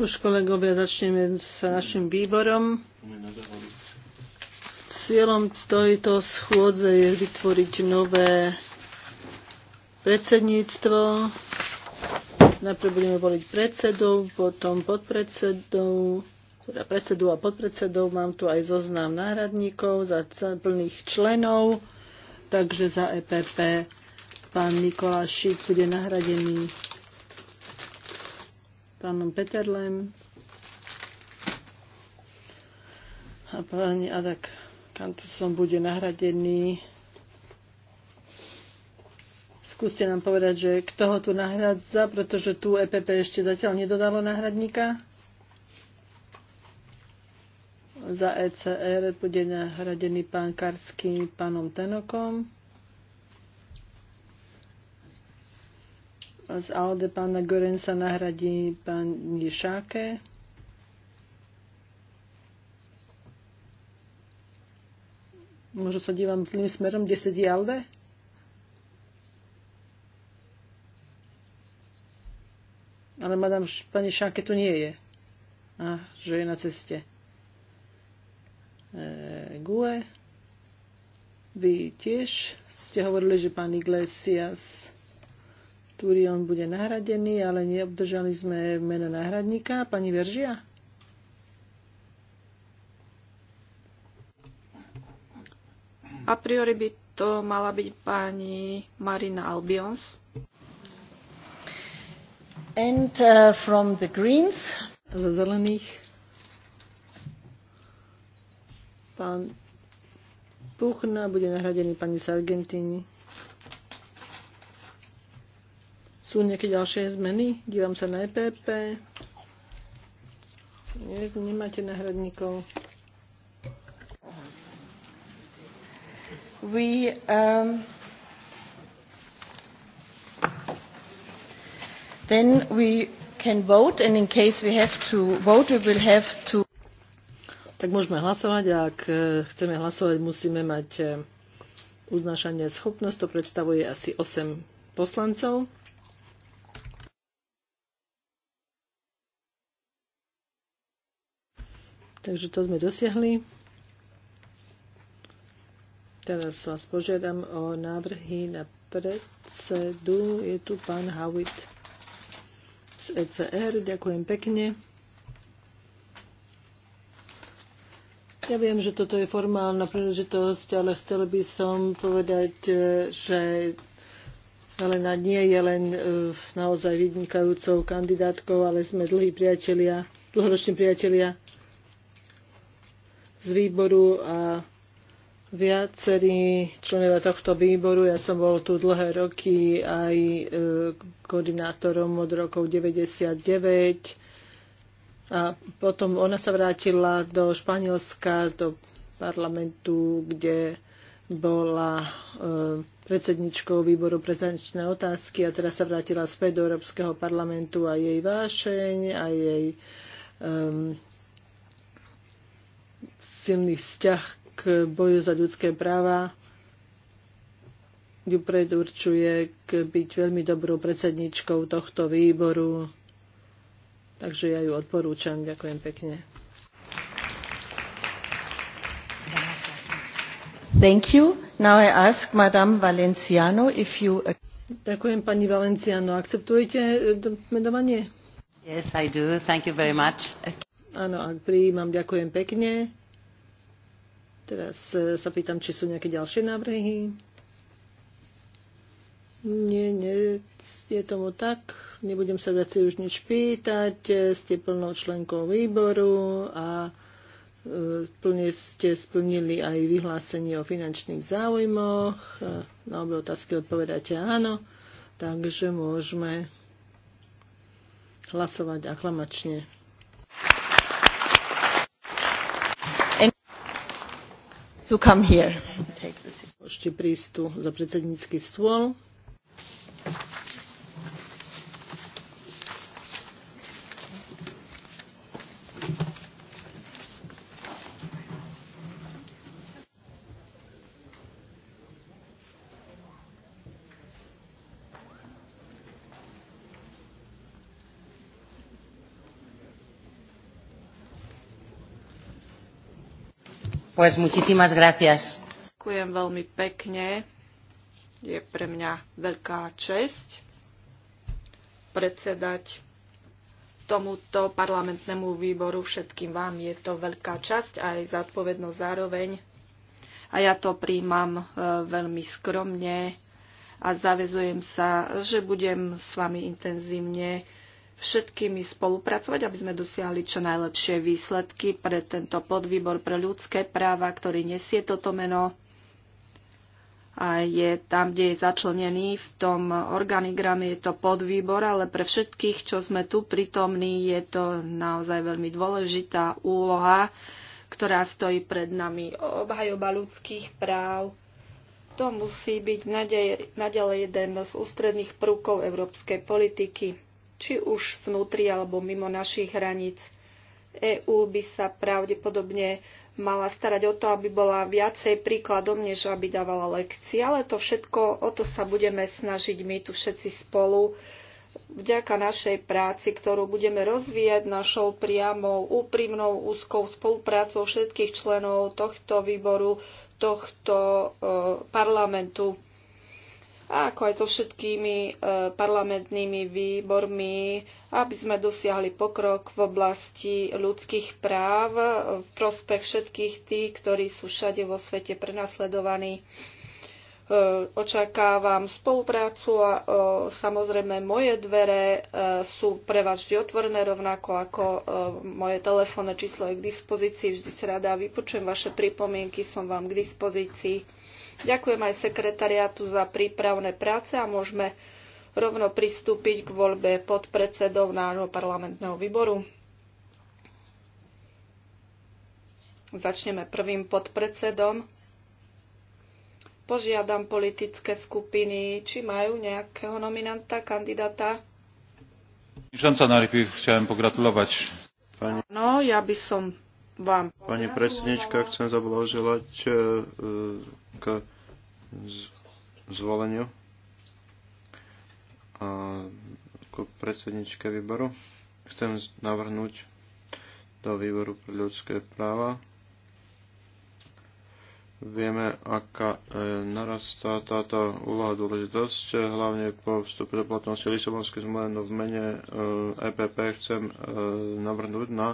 Už kolegovia, začneme s našim výborom. Cieľom tejto schôdze je vytvoriť nové predsedníctvo. Najprv budeme voliť predsedov, potom podpredsedov, teda predsedu a podpredsedov. Mám tu aj zoznam náhradníkov za plných členov, takže za EPP pán Nikolášik bude nahradený pánom Peterlem a pani Adak Kantusom bude nahradený. Skúste nám povedať, že kto ho tu nahradza, pretože tu EPP ešte zatiaľ nedodalo náhradníka. Za ECR bude nahradený pán Karský pánom Tenokom. z Alde pána Gorensa nahradí pani Šáke. Možno sa dívam tým smerom, kde sedí Alde? Ale madam, pani Šáke tu nie je. A že je na ceste. E, Gue. Vy tiež ste hovorili, že pán Iglesias Turion bude nahradený, ale neobdržali sme meno náhradníka. Pani Veržia? A priori by to mala byť pani Marina Albions. And uh, from the Greens. Za zelených. Pán Puchna bude nahradený pani Sargentini. Sú nejaké ďalšie zmeny? Dívam sa na EPP. Nie, nemáte náhradníkov. We, um, then we can vote and in case we have to vote, we will have to tak môžeme hlasovať a ak e, chceme hlasovať, musíme mať e, uznášanie schopnosť. To predstavuje asi 8 poslancov. Takže to sme dosiahli. Teraz vás požiadam o návrhy na predsedu. Je tu pán Howitt z ECR. Ďakujem pekne. Ja viem, že toto je formálna príležitosť, ale chcel by som povedať, že Helena nie je len e, naozaj vynikajúcou kandidátkou, ale sme dlhí priatelia, dlhoroční priatelia z výboru a viacerí členovia tohto výboru. Ja som bol tu dlhé roky aj e, koordinátorom od rokov 99. A potom ona sa vrátila do Španielska, do parlamentu, kde bola e, predsedničkou výboru pre zahraničné otázky a teraz sa vrátila späť do Európskeho parlamentu a jej vášeň a jej um, silný vzťah k boju za ľudské práva ju predurčuje k byť veľmi dobrou predsedničkou tohto výboru. Takže ja ju odporúčam. Ďakujem pekne. Thank you. Now I ask Madame Valenciano if you... Ďakujem pani Valenciano. Akceptujete eh, menovanie? Yes, I do. Thank you very much. Áno, ak prijímam, ďakujem pekne. Teraz e, sa pýtam, či sú nejaké ďalšie návrhy. Nie, nie, je tomu tak. Nebudem sa viac už nič pýtať. E, ste plnou členkou výboru a e, plne ste splnili aj vyhlásenie o finančných záujmoch. Na obe otázky odpovedáte áno. Takže môžeme hlasovať aklamačne. to come here. Môžete prísť tu za predsednícky stôl. Pues muchísimas gracias. Ďakujem veľmi pekne. Je pre mňa veľká česť predsedať tomuto parlamentnému výboru všetkým vám. Je to veľká časť aj aj zodpovednosť zároveň. A ja to príjmam e, veľmi skromne a zavezujem sa, že budem s vami intenzívne všetkými spolupracovať, aby sme dosiahli čo najlepšie výsledky pre tento podvýbor pre ľudské práva, ktorý nesie toto meno a je tam, kde je začlenený v tom organigrame, je to podvýbor, ale pre všetkých, čo sme tu prítomní, je to naozaj veľmi dôležitá úloha, ktorá stojí pred nami. Obhajoba ľudských práv, to musí byť nadej, nadalej jeden z ústredných prúkov európskej politiky či už vnútri alebo mimo našich hraníc. EÚ by sa pravdepodobne mala starať o to, aby bola viacej príkladom, než aby dávala lekcie. Ale to všetko, o to sa budeme snažiť my tu všetci spolu. Vďaka našej práci, ktorú budeme rozvíjať našou priamou, úprimnou, úzkou spoluprácou všetkých členov tohto výboru, tohto e, parlamentu a ako aj so všetkými e, parlamentnými výbormi, aby sme dosiahli pokrok v oblasti ľudských práv e, v prospech všetkých tých, ktorí sú všade vo svete prenasledovaní. E, očakávam spoluprácu a samozrejme moje dvere sú pre vás vždy otvorené, rovnako ako moje telefónne číslo je k dispozícii. Vždy sa rada vypočujem vaše pripomienky, som vám k dispozícii. Ďakujem aj sekretariátu za prípravné práce a môžeme rovno pristúpiť k voľbe podpredsedov nášho parlamentného výboru. Začneme prvým podpredsedom. Požiadam politické skupiny, či majú nejakého nominanta, kandidáta. Šanca najprv chcem pogratulovať. No, ja by som vám... Pani predsednička, chcem zablahoželať e, e, k zvoleniu a ako predsedničke výboru chcem navrhnúť do výboru pre ľudské práva. Vieme, aká e, narastá táto úloha dôležitosť, e, hlavne po vstupe do platnosti Lisabonskej zmluvy, no v mene e, EPP chcem e, navrhnúť na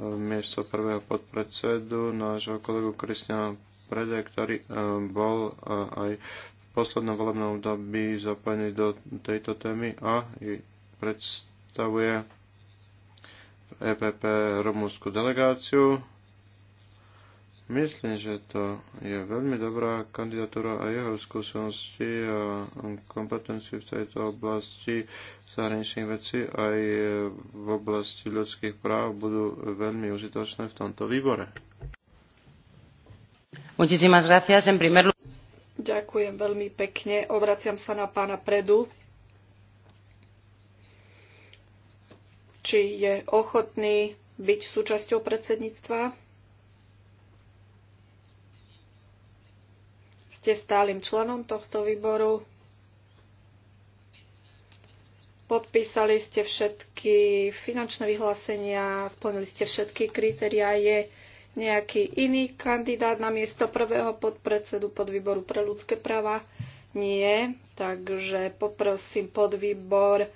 miesto prvého podpredsedu nášho kolegu Kristiana Prede, ktorý eh, bol eh, aj v poslednom volebnom období zapojený do tejto témy a predstavuje EPP rumúnsku delegáciu. Myslím, že to je veľmi dobrá kandidatúra a jeho skúsenosti a kompetencii v tejto oblasti zahraničných vecí aj e, v oblasti ľudských práv budú veľmi užitočné v tomto výbore. Ďakujem veľmi pekne. Obraciam sa na pána Predu. Či je ochotný byť súčasťou predsedníctva? Ste stálym členom tohto výboru? podpísali ste všetky finančné vyhlásenia, splnili ste všetky kritériá. Je nejaký iný kandidát na miesto prvého podpredsedu podvýboru pre ľudské práva? Nie, takže poprosím podvýbor, e,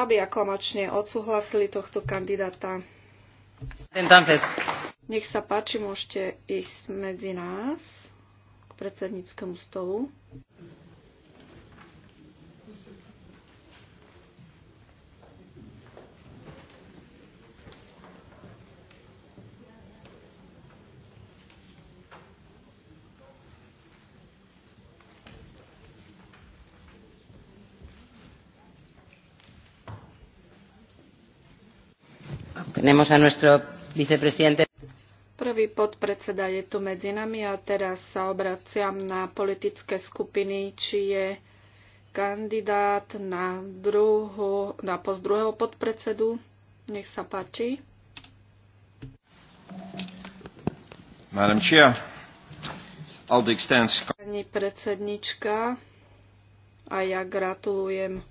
aby aklamačne odsúhlasili tohto kandidáta. Nech sa páči, môžete ísť medzi nás k predsedníckému stolu. Tenemos a nuestro vicepresidente. Prvý podpredseda je tu medzi nami a teraz sa obraciam na politické skupiny, či je kandidát na, druhu, na post druhého podpredsedu. Nech sa páči. Madam Chair, Pani predsednička, a ja gratulujem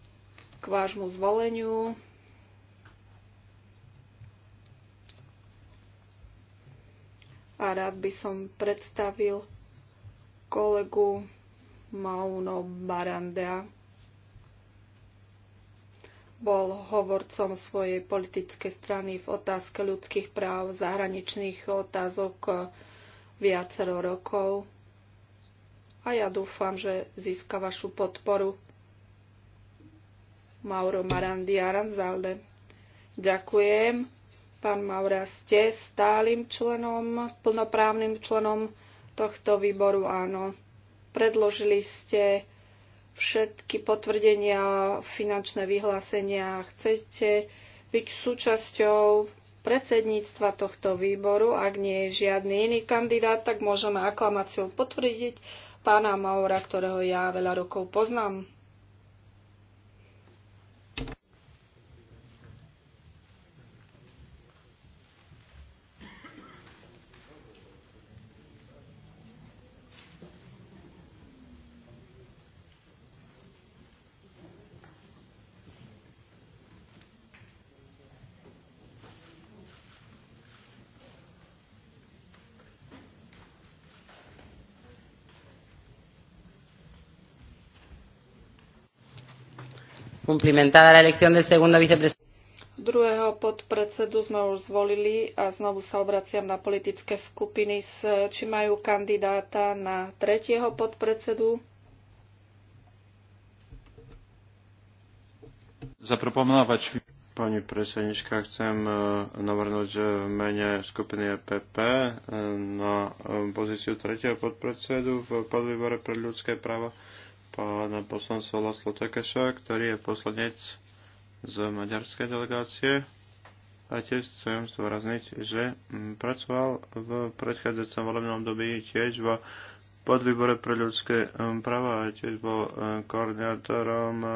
k vášmu zvoleniu. a rád by som predstavil kolegu Mauno Barandea. Bol hovorcom svojej politickej strany v otázke ľudských práv, zahraničných otázok viacero rokov a ja dúfam, že získa vašu podporu. Mauro Marandia Ranzalde. Ďakujem. Pán Maura, ste stálym členom, plnoprávnym členom tohto výboru, áno. Predložili ste všetky potvrdenia, finančné vyhlásenia. Chcete byť súčasťou predsedníctva tohto výboru. Ak nie je žiadny iný kandidát, tak môžeme aklamáciou potvrdiť pána Maura, ktorého ja veľa rokov poznám. cumplimentada la elección del segundo vicepresidente. Druhého podpredsedu sme už zvolili a znovu sa obraciam na politické skupiny, či majú kandidáta na tretieho podpredsedu. Zaproponovať. Pani predsednička, chcem e, navrhnúť e, v mene skupiny EPP e, na pozíciu tretieho podpredsedu v podvýbore pre ľudské práva pána poslanca Laslo Tekeša, ktorý je poslanec z maďarskej delegácie. A tiež chcem zdôrazniť, že pracoval v predchádzajúcom volebnom období tiež vo podvýbore pre ľudské um, práva a tiež bol um, koordinátorom um,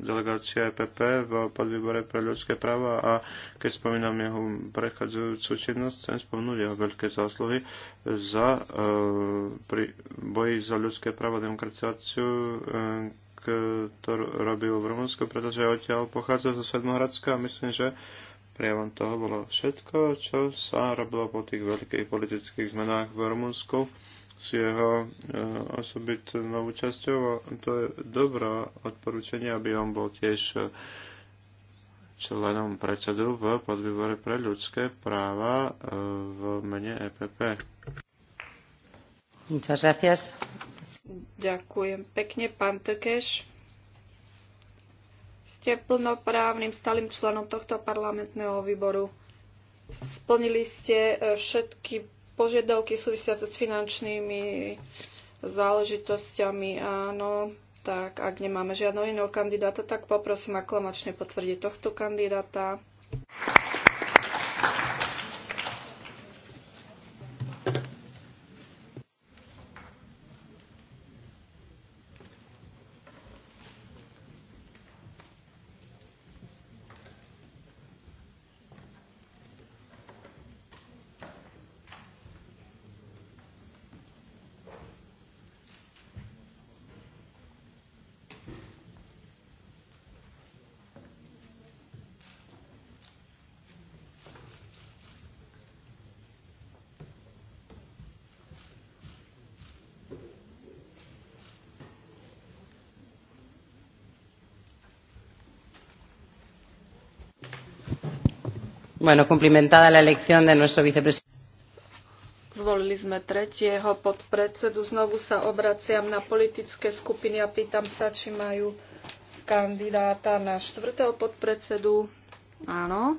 delegácie EPP v podvýbore pre ľudské práva a keď spomínam jeho prechádzajúcu činnosť, chcem spomnúť jeho veľké zásluhy za uh, pri boji za ľudské práva a demokraciáciu ktorú robil v Rumunsku, pretože odtiaľ pochádza zo Sedmohradska a myslím, že prejavom toho bolo všetko, čo sa robilo po tých veľkých politických zmenách v Rumunsku s jeho e, osobitnou účasťou to je dobré odporúčanie, aby on bol tiež e, členom predsedu v podvýbore pre ľudské práva e, v mene EPP. Ďakujem pekne, pán Tekeš. Ste plnoprávnym stálym členom tohto parlamentného výboru. Splnili ste všetky požiadavky súvisiace s finančnými záležitosťami, áno, tak ak nemáme žiadneho iného kandidáta, tak poprosím aklamačne potvrdiť tohto kandidáta. Bueno, cumplimentada la elección de nuestro vicepresidente. Zvolili sme tretieho podpredsedu. Znovu sa obraciam na politické skupiny a pýtam sa, či majú kandidáta na štvrtého podpredsedu. Áno.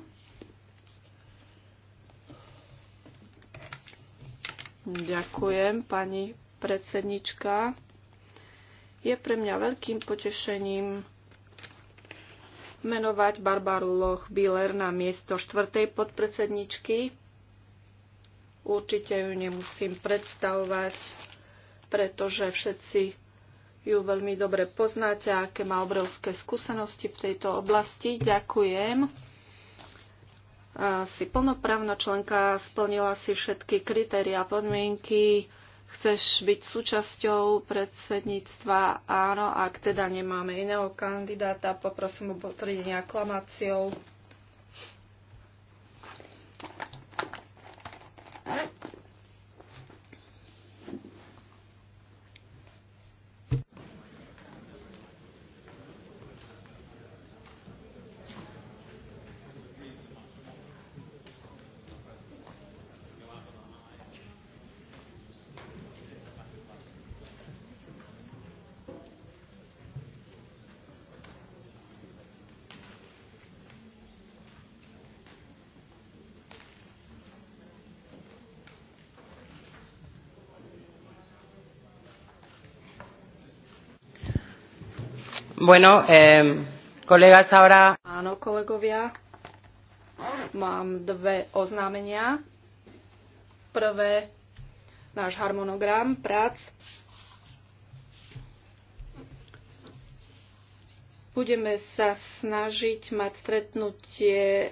Ďakujem, pani predsednička. Je pre mňa veľkým potešením menovať Barbaru Loch-Biller na miesto štvrtej podpredsedničky. Určite ju nemusím predstavovať, pretože všetci ju veľmi dobre poznáte, aké má obrovské skúsenosti v tejto oblasti. Ďakujem. Si plnoprávna členka splnila si všetky kritéria podmienky, chceš byť súčasťou predsedníctva, áno, ak teda nemáme iného kandidáta, poprosím o potvrdenie aklamáciou. Bueno, eh, kolega Saura. Áno, kolegovia, mám dve oznámenia. Prvé, náš harmonogram prác. Budeme sa snažiť mať stretnutie e,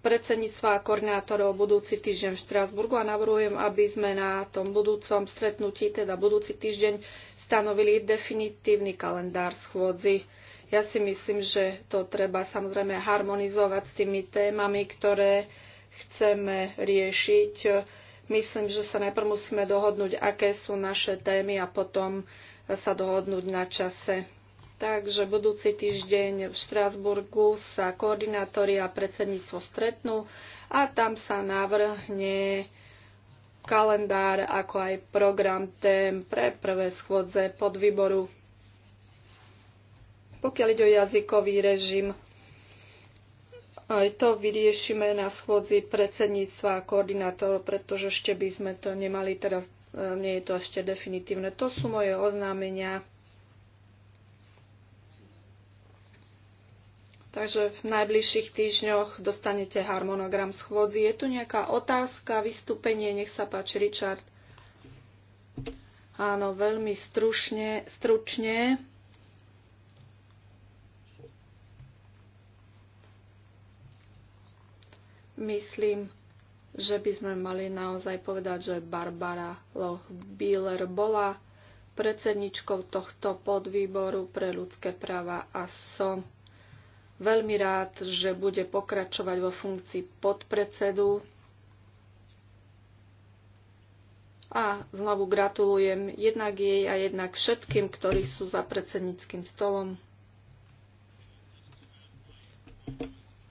predsedníctva a koordinátorov budúci týždeň v Štrásburgu a navrhujem, aby sme na tom budúcom stretnutí, teda budúci týždeň, stanovili definitívny kalendár schôdzi. Ja si myslím, že to treba samozrejme harmonizovať s tými témami, ktoré chceme riešiť. Myslím, že sa najprv musíme dohodnúť, aké sú naše témy a potom sa dohodnúť na čase. Takže budúci týždeň v Štrásburgu sa koordinátori a predsedníctvo stretnú a tam sa navrhne kalendár, ako aj program tém pre prvé schôdze podvýboru. Pokiaľ ide o jazykový režim, aj to vyriešime na schôdzi predsedníctva a koordinátorov, pretože ešte by sme to nemali teraz, e, nie je to ešte definitívne. To sú moje oznámenia. Takže v najbližších týždňoch dostanete harmonogram schôdzi. Je tu nejaká otázka, vystúpenie? Nech sa páči, Richard. Áno, veľmi stručne. stručne. Myslím, že by sme mali naozaj povedať, že Barbara Loch-Bieler bola predsedničkou tohto podvýboru pre ľudské práva a som veľmi rád, že bude pokračovať vo funkcii podpredsedu. A znovu gratulujem jednak jej a jednak všetkým, ktorí sú za predsedníckým stolom.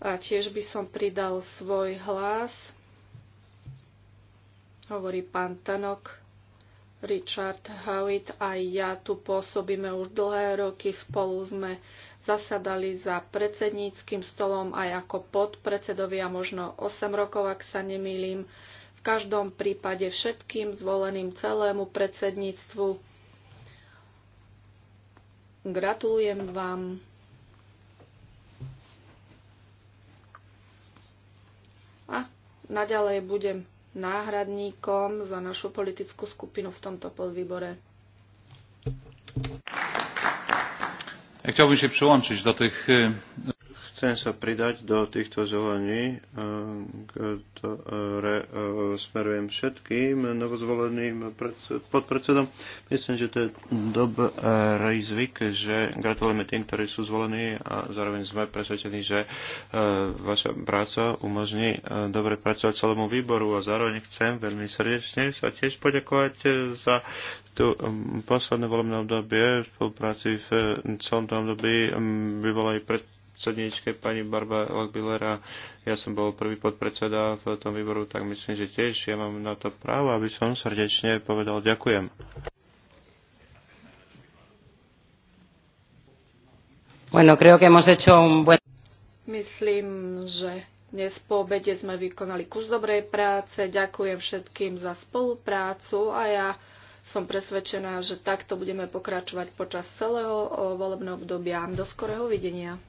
A tiež by som pridal svoj hlas, hovorí pán Tanok Richard Howitt a ja tu pôsobíme už dlhé roky. Spolu sme zasadali za predsedníckým stolom aj ako podpredsedovia možno 8 rokov, ak sa nemýlim. V každom prípade všetkým zvoleným celému predsedníctvu gratulujem vám. A naďalej budem náhradníkom za našu politickú skupinu v tomto podvýbore. Ja chciałbym się przyłączyć do tych e, Chcem sa pridať do týchto zelení, e, ktoré e, smerujem všetkým novozvoleným podpredsedom. Myslím, že to je dobrý zvyk, že gratulujeme tým, ktorí sú zvolení a zároveň sme presvedčení, že e, vaša práca umožní dobre pracovať celému výboru a zároveň chcem veľmi srdečne sa tiež poďakovať za tú posledné volebné obdobie v spolupráci v celom tom období by bola aj pred predsedničke pani Barba Lockbillera. Ja som bol prvý podpredseda v tom výboru, tak myslím, že tiež ja mám na to právo, aby som srdečne povedal ďakujem. Bueno, creo que hemos hecho un buen... Myslím, že dnes po obede sme vykonali kus dobrej práce. Ďakujem všetkým za spoluprácu a ja som presvedčená, že takto budeme pokračovať počas celého volebného obdobia. Do skorého videnia.